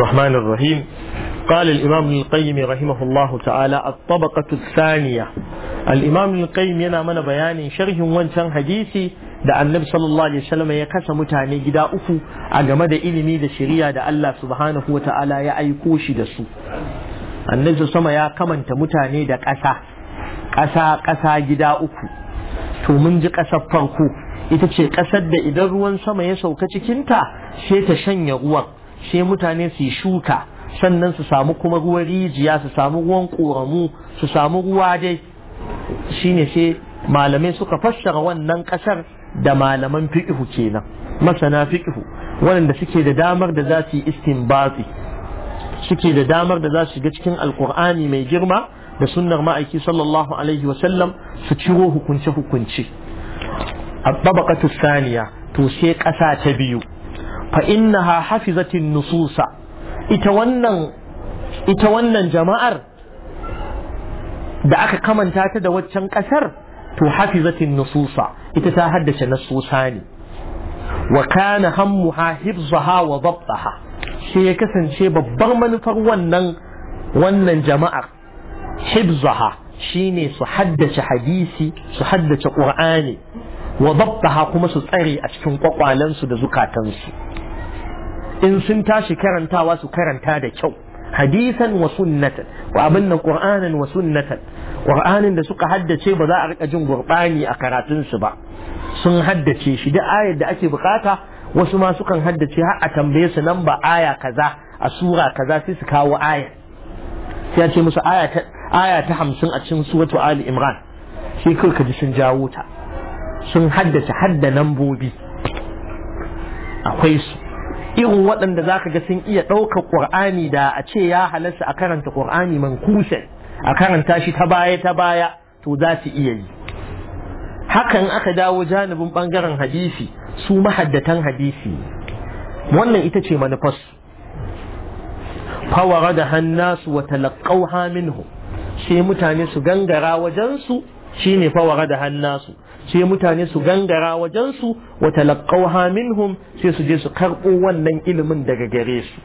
الرحمن الرحيم قال الإمام ابن القيم رحمه الله تعالى الطبقة الثانية الإمام yana mana bayanin sharhin wancan hadisi da annabi sallallahu alaihi wasallam ya kasa mutane gida uku a game da ilimi da shari'a da Allah subhanahu wa ta'ala ya aiko shi da su annabi sama ya kamanta mutane da ƙasa ƙasa ƙasa gida uku to mun ji ƙasar farko ita ce ƙasar da idan ruwan sama ya sauka cikinta sai ta shanya ruwan sai mutane su yi shuka sannan su samu kuma ruwan rijiya su samu ruwan ƙoramu su samu ruwa dai shine sai malamai suka fassara wannan ƙasar da malaman fiƙihu kenan masana fiƙihu waɗanda suke da damar da za su yi istinbati suke da damar da za su shiga cikin alkur'ani mai girma da sunnar ma'aiki sallallahu alaihi wasallam su ciro hukunce-hukunce a babakatu saniya to sai ƙasa ta biyu fa innaha hafizatin nususa ita wannan ita wannan jama'ar da aka kamanta ta da waccan ƙasar, to hafizatin nususa ita ta haddace nasusa ne wa kana hammuha hifzaha wa dabtaha sai ya kasance babbar manufar wannan wannan jama'ar hibzaha shine su haddace hadisi su haddace Ƙur'ani, wa kuma su tsare a cikin kwakwalansu da zukatansu in sun tashi karantawa su karanta da kyau hadisan wa sunnatan wa abin qur'anan wa sunnatan qur'anin da suka haddace ba za a rika jin gurbani a karatun su ba sun haddace shi da ayar da ake bukata wasu ma sukan haddace har a tambaye su nan ba aya kaza a sura kaza sai su kawo aya sai a ce musu aya ta aya ta 50 a cikin suratu ali imran shi kai ka ji sun jawo ta sun haddace hadda nambobi akwai su irin waɗanda za ka ga sun iya ɗaukar ƙur'ani da a ce ya halarta a karanta ƙur'ani mankusan a karanta shi ta baya ta baya to za su iya yi hakan aka dawo janibin ɓangaren hadisi su mahaddatan hadisi wannan ita ce manufarsu fawara da hannasu wa talakau minhu sai mutane su gangara wajensu shine fawara da hannasu sai mutane su gangara wajensu wa talaqqawha minhum sai su je su karɓo wannan ilimin daga gare su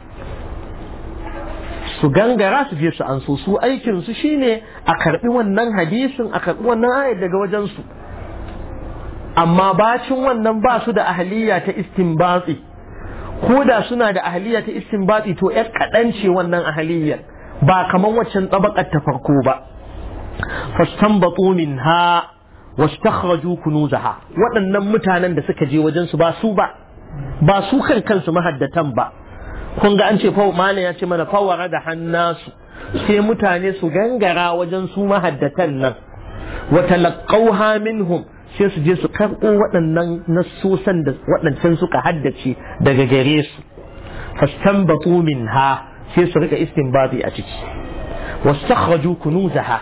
su gangara su je su anso su aikin su shine a karɓi wannan hadisin a karɓi wannan ayat daga wajensu amma bacin wannan ba su da ahliya ta istinbati ko da suna da ahliya ta istinbati to ya kaɗan ce wannan ahliya ba kaman waccan tsabakar ta farko ba fastanbatu minha wastakhraju kunuzaha waɗannan mutanen da suka je wajen su ba su ba ba su kan kansu mahaddatan ba kun ga an ce fa malam ya ce mana fawara da hannasu sai mutane su gangara wajen su mahaddatan nan wa talaqawha minhum sai su je su karɓo waɗannan nassosan da waɗancan suka haddace daga gare su fastambatu minha sai su rika istinbati a ciki wastakhraju kunuzaha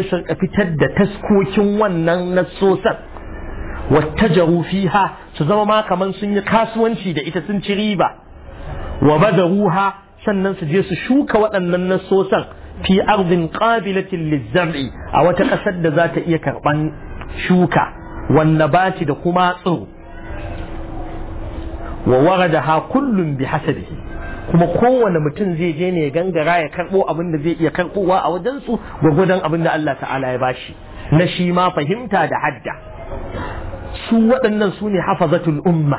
sai ka fitar da taskokin wannan nassosan wattajaru ha su zama ma kamar sun yi kasuwanci da ita sun ci riba wa ruha sannan su je su shuka waɗannan nassosan fi ardin ƙabilatin lizzar'i a wata ƙasar da za ta iya karɓan shuka wanne baci da kuma tsiro wa ha kullum bi hasabihi kuma kowane mutum zai je ne ya gangara ya karɓo abin da zai iya karɓowa a wajensu gwagwadon abin da Allah ta'ala ya bashi na shi ma fahimta da hadda su waɗannan su ne hafazatul umma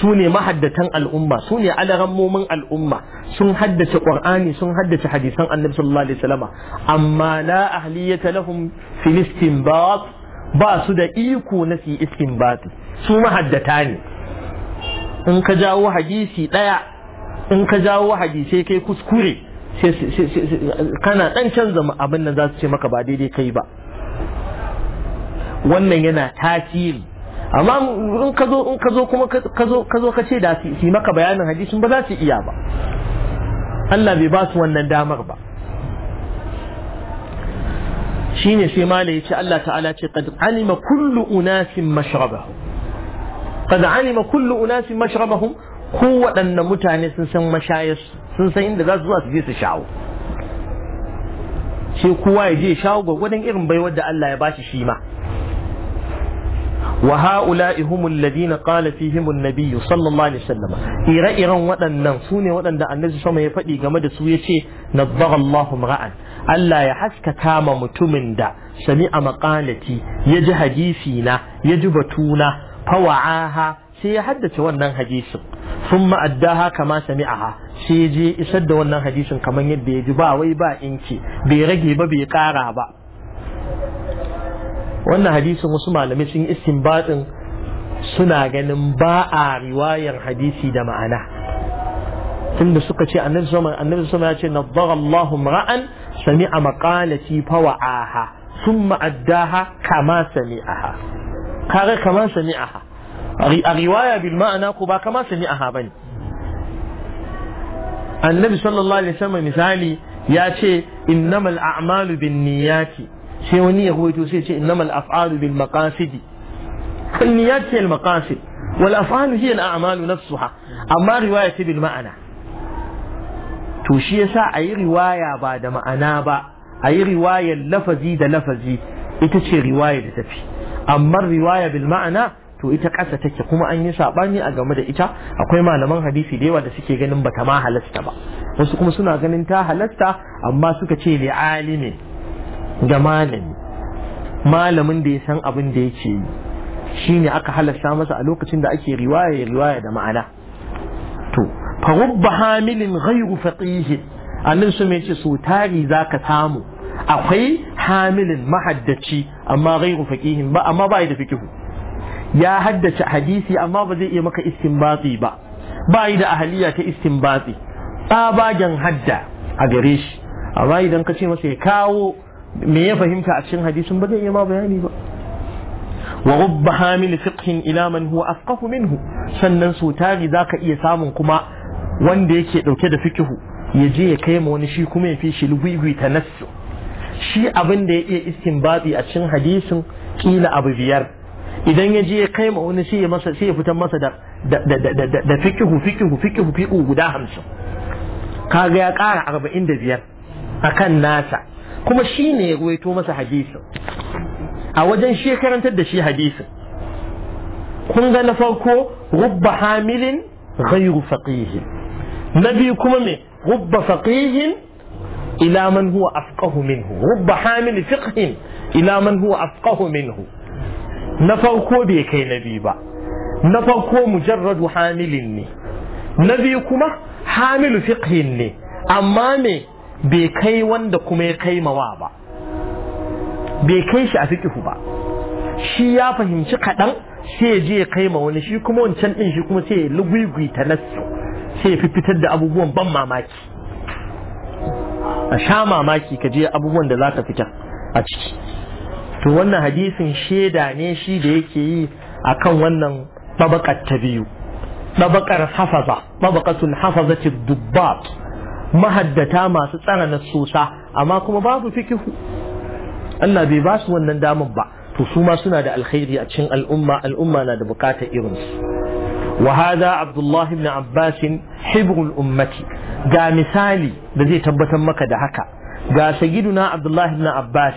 su ne mahaddatan al'umma su ne alarammomin al'umma sun haddace ƙur'ani sun haddace hadisan annabi sallallahu alaihi wasallam amma la ahliyata lahum fil istinbat ba su da iko na fi istinbat su mahaddata ne in ka jawo hadisi daya in ka jawo hadisai kai kuskure kana dan canza abin nan za su ce maka ba daidai kai ba wannan yana tasiri amma in ka zo in ka zo kuma ka zo ka ce da su maka bayanin hadisin ba za su iya ba Allah bai ba su wannan damar ba shine sai mala yace Allah ta'ala ce qad alima kullu unasin mashrabahum qad alima kullu unasin mashrabahum kowaɗanne mutane sun san mashaya sun san inda za su zuwa su je su shawo ce kowa ya je shawo gwagwadon irin baiwar da Allah ya bashi shi ma wa ha'ula'i ihumun ladina qala fihim an-nabiy sallallahu alaihi wasallam ire-iren waɗannan su ne waɗanda annabi sama ya faɗi game da su yace nabbagha Allahu ra'an Allah ya haskaka ma mutumin da sami'a maqalati ya ji hadisi na ya ji batuna fawa'aha sai ya haddace wannan hadisin sun ma'addaha kama sami aha sai je isar da wannan hadisin kamar yadda ya ji ba wai ba inci bai rage ba bai kara ba wannan hadisin wasu malamai sun istinbatin suna ganin ba a riwayar hadisi da ma'ana da suka ce annabi zama annabi sama ya ce nadara Allahu ra'an sami'a maqalati fa wa'aha thumma ha kama sami'aha kaga kama a riwaya bil ma'ana ko ba kama sami'aha bane annabi sallallahu alaihi wasallam misali ya ce innamal a'malu bin niyyati sai wani ya ruwaito sai ce innamal af'alu bil maqasidi kan niyyat ce al maqasid wal af'alu hiya al a'malu nafsuha amma riwaya ta bil ma'ana to shi yasa ayi riwaya ba da ma'ana ba ayi riwayar lafazi da lafazi ita ce riwaya da tafi amma riwaya bil ma'ana to ita ƙasa take kuma an yi saɓani a game da ita akwai malaman hadisi da yawa da suke ganin bata ma halasta ba wasu kuma suna ganin ta halasta amma suka ce li alimin ga malami malamin da ya san abin da yake yi shine aka halasta masa a lokacin da ake riwaya riwaya da ma'ana to fa rubba hamilin ghayru faqih annin su mai ce so tari zaka samu akwai hamilin mahaddaci amma ghayru faqihin ba amma ba da fikihu ya haddace hadisi amma ba zai iya maka istinbati ba ba yi da ahaliya ta istinbati tsabagen hadda a gare shi amma idan ka ce masa ya kawo me ya fahimta a cikin hadisin ba zai iya ma bayani ba wa rubba hamil fiqhin ila man huwa afqahu minhu sannan sutari tari zaka iya samun kuma wanda yake dauke da fikihu ya je ya kai ma wani shi kuma ya fi shi lugugui ta nasu. shi abinda ya iya istinbati a cikin hadisin kila abu biyar idan ya je ya kai ma wani sai ya masa sai ya fitar masa da da fikihu fikihu fikihu fiqu guda hamsin kaga ya kara arba'in da biyar a nasa kuma shi ne ya ruwaito masa hadisin a wajen shi karantar da shi hadisin kun ga na farko rubba hamilin ghayru faqihin na biyu kuma me rubba faqihin ila man huwa afqahu minhu rubba hamil fiqhin ila man huwa afqahu minhu na farko bai kai na biyu ba na farko mujarradu hamilin ne na biyu kuma hamilu fiqhin ne amma me bai kai wanda kuma ya kai mawa ba bai kai shi a fiqhu ba shi ya fahimci kaɗan sai ya je ya kai ma wani shi kuma wancan din shi kuma sai ya lugwigwita ta sai ya fitar da abubuwan ban mamaki a sha mamaki ka je abubuwan da za ka fitar a ciki to wannan hadisin shaida ne shi da yake yi a kan wannan tabaqar ta biyu tabaqar hafaza hafaza hafazati dubbat mahaddata masu tsananin sosa amma kuma babu fikihu Allah bai ba su wannan damar ba to su ma suna da alkhairi a cikin al'umma al'umma na da bukatar irin su wa hada abdullahi ibn abbas hibrul ummati ga misali da zai tabbatar maka da haka ga sayyiduna abdullahi ibn abbas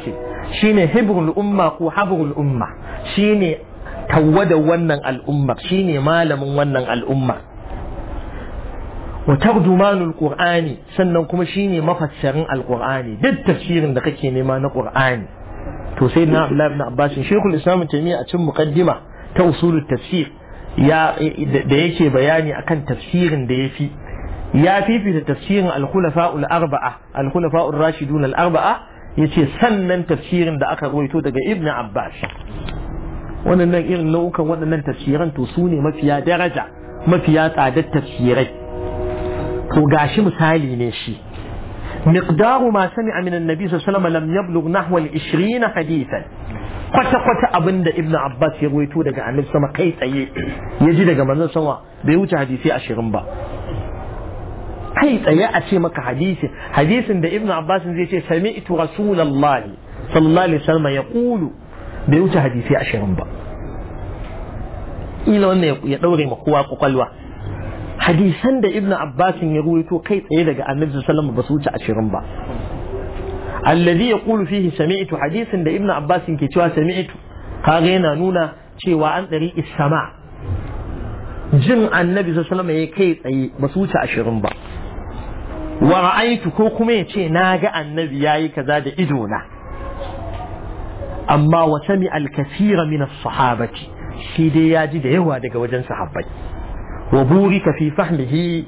shine hibrul umma ko habrul umma shine tawwada wannan al'umma shine malamin wannan al'umma wa al qur'ani sannan kuma shine mafassarin alqur'ani duk tafsirin da kake nema na qur'ani to sai na abdullahi ibn abbas shekul islam tamiya a cikin muqaddima ta usulut tafsir ya da yake bayani akan tafsirin da yafi ya fifita tafsirin al arba'a al-khulafa'ur rashidun al-arba'a yace sannan tafsirin da aka ruwaito daga ibn abbas wannan irin nau'ukan waɗannan tafsiran to su ne mafiya daraja mafiya tsadar tafsirai to gashi misali ne shi miqdaru ma sami'a min annabi sallallahu alaihi lam yablugh nahwa al-20 hadithan kwata kwata abinda ibn abbas ya ruwaito daga annabi sama kai tsaye ya ji daga manzon sama bai wuce hadisi 20 ba kai tsaye a ce maka hadisi hadisin da ibnu abbas zai ce sami'tu rasulullah sallallahu alaihi wasallam ya kulu. Da wuce hadisi ashirin ba ila wannan ya daure ma kowa kwakwalwa hadisan da ibnu abbas ya ruwaito kai tsaye daga annabi sallallahu alaihi wasallam ba su wuce ashirin ba alladhi yaqulu fihi sami'tu Hadisan da ibnu abbas ke cewa sami'tu kaga yana nuna cewa an dari isama jin annabi sallallahu alaihi wasallam ya kai tsaye ba su wuce ashirin ba wa ko kuma ya ce na ga annabi yayi kaza da ido na amma wa sami al min as-sahabati shi dai ya ji da yawa daga wajen sahabbai wa burika fi fahmihi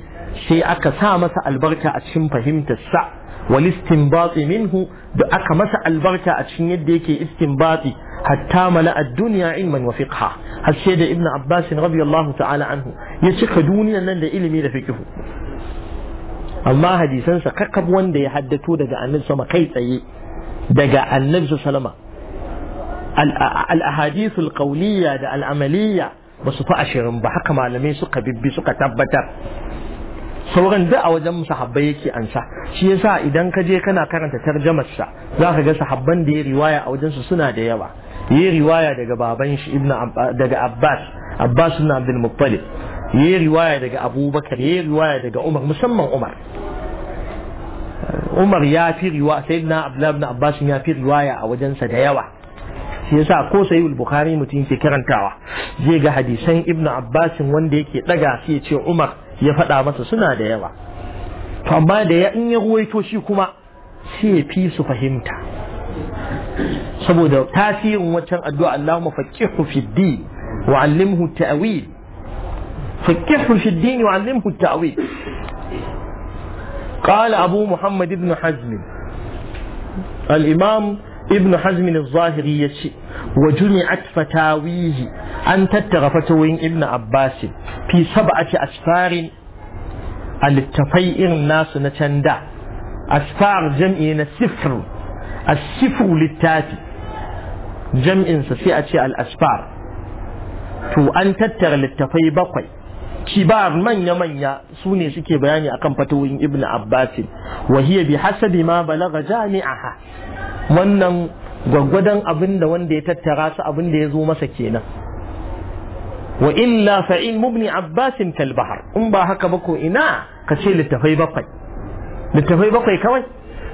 sai aka sa masa albarka a cikin fahimtar sa wal istinbati minhu da aka masa albarka a cikin yadda yake istinbati hatta mala ad-dunya ilman wa fiqha har sai da ibnu abbas radiyallahu ta'ala anhu ya cika duniyar nan da ilimi da fiqhu amma hadisansa kakab wanda ya haddato daga annabi sama kai tsaye daga annabi sallama al-ahadithul qawliya da al amaliya ba su fi ashirin ba haka malamai suka bibbi suka tabbatar sauran da a wajen sahabbai yake ansa shi yasa idan ka je kana karanta tarjamarsa za ka ga sahabban da ya riwaya a wajen su suna da yawa ya riwaya daga baban shi ibnu daga abbas abbas ibn abdul muttalib ya riwaya daga abubakar ya riwaya daga umar musamman umar umar ya fi riwaya sai na abdullahi abbas ya fi riwaya a wajensa da yawa shi yasa ko sai bukhari mutum ke karantawa zai ga hadisan ibn abbas wanda yake daga sai ya ce umar ya faɗa masa suna da yawa to amma da ya in ya ruwaito shi kuma sai ya fi su fahimta saboda tasirin waccan addu'a Allahumma fakkihu fid din wa 'allimhu ta'wil فكحه في الدين وعلمه التأويل قال أبو محمد بن حزم الإمام ابن حزم الظاهري يشي وجمعت فتاويه أن تتغ فتوين ابن عباس في سبعة أسفار التفيئر الناس نتندع أسفار جمعين السفر السفر للتاتي جمع سيأتي الأسفار تو أن tattara littafai بقي kibar manya-manya su ne suke bayani akan fatawoyin ibn abbasin wahiyya bi hasabi ma balaga jami'aha wannan gwaggwadon abin da wanda ya tattara su abinda da ya zo masa kenan wa illa fa ilmu abbasin Talbahar, in ba haka ba ko ina ka ce littafai bakwai littafai bakwai kawai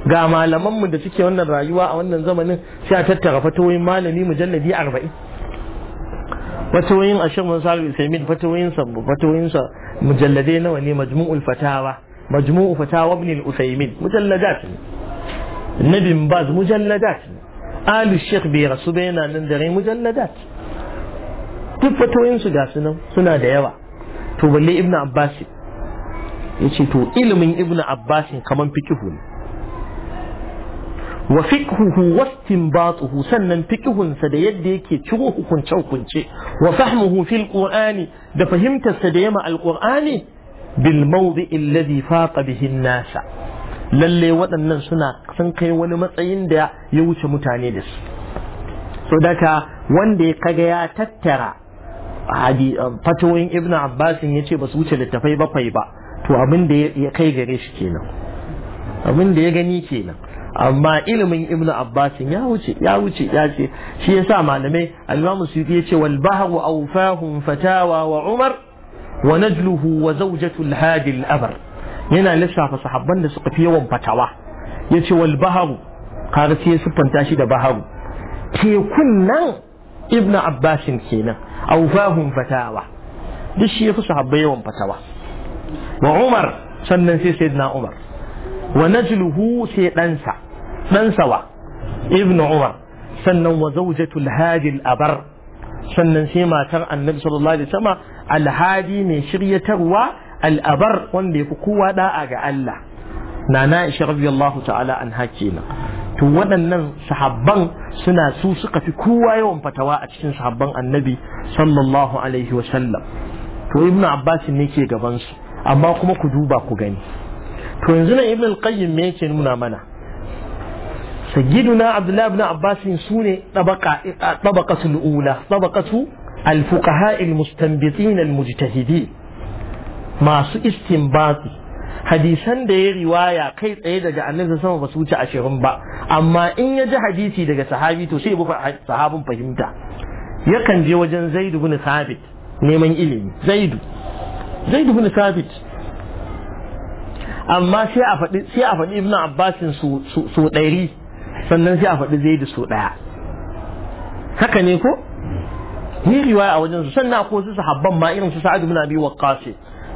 ga malamanmu da suke wannan rayuwa a wannan zamanin sai a tattara fatawoyin malami mujalladi arba'in فتوين الشيخ بن صالح الفيمين فتوين سب فتوين سب مجلدين وني مجموع الفتاوى مجموع فتاوى ابن الأثيمين مجلدات النبي من بعض مجلدات آل الشيخ بيرا سبينا نندري مجلدات تب فتوين سجا سنو سنا ديوا تو ابن عباس يشي تو علم ابن عباس كمان بكفوني wa fiqhuhu wa istinbatuhu sannan sa da yadda yake ciro hukunce hukunce wa fahmuhu fil qur'ani da fahimtarsa da yama alqur'ani bil mawdi alladhi faqa bihi nasa lalle waɗannan suna sun kai wani matsayin da ya wuce mutane da su so daga wanda ya kaga ya tattara um, fatoyin ibn abbas ya ce ba su wuce littafai bakwai ba to abin da ya kai gare shi kenan abin da ya gani kenan amma ilimin ibnu abbasin ya wuce ya wuce ya ce shi yasa malamai al-imamu suyuti yace wal bahru awfahum fatawa wa umar wa najluhu wa zawjatu al-hadi al-abar yana lissafa sahabban da suka fi yawan fatawa yace wal bahru kaga sai siffanta shi da baharu tekun nan ibnu abbasin kenan awfahum fatawa duk shi yafi sahabbai yawan fatawa wa umar sannan sai sayyidina umar wa najluhu sai ɗansa dan sawa ibnu umar sannan wa zawjatul hadi abar sannan sai matar annabi sallallahu alaihi wasallam alhadi mai shiryatarwa al'abar wanda yafi kowa da'a ga Allah nana Aisha radiyallahu ta'ala an hakina. to waɗannan sahabban suna su suka fi kowa yawan fatawa a cikin sahabban annabi sallallahu alaihi wasallam to ibn abbas ne ke gaban su amma kuma ku duba ku gani to yanzu na ibn al-qayyim me yake nuna mana sayyiduna abdullahi ibn abbas su ne tabaqatul ula tabaqatu الفقهاء المستنبطين المجتهدين masu istinbati hadisan da ya riwaya kai tsaye daga annabi sama ba su wuce ashirin ba amma in ya ji hadisi daga sahabi to sai sahabin fahimta yakan je wajen zaid ibn sabit neman ilimi zaid zaid ibn amma sai a faɗi ibn su su ɗari sannan sai a faɗi zai da su ɗaya haka ne ko ni riwaya a wajen su sannan ko su, sahabban ma irin su sa'adu muna biyu wa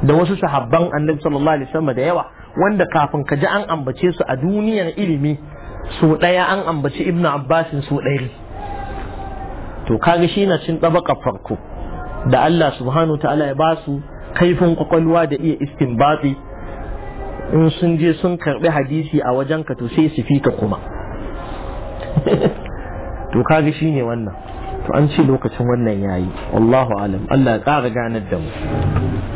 da wasu sahabban annabi sallallahu alaihi wasallam da yawa wanda kafin ka ji an ambace su a duniyar ilimi so ɗaya an ambaci ibnu abbasin su ɗari to kaga shi na cin tabaka farko da Allah subhanahu ta'ala ya basu kaifin kwakwalwa da iya istinbati in sun je sun karbi hadisi a wajenka to sai su fika kuma to kaga shine wannan to an ce lokacin wannan yayi wallahu alam Allah ya kara ganar da mu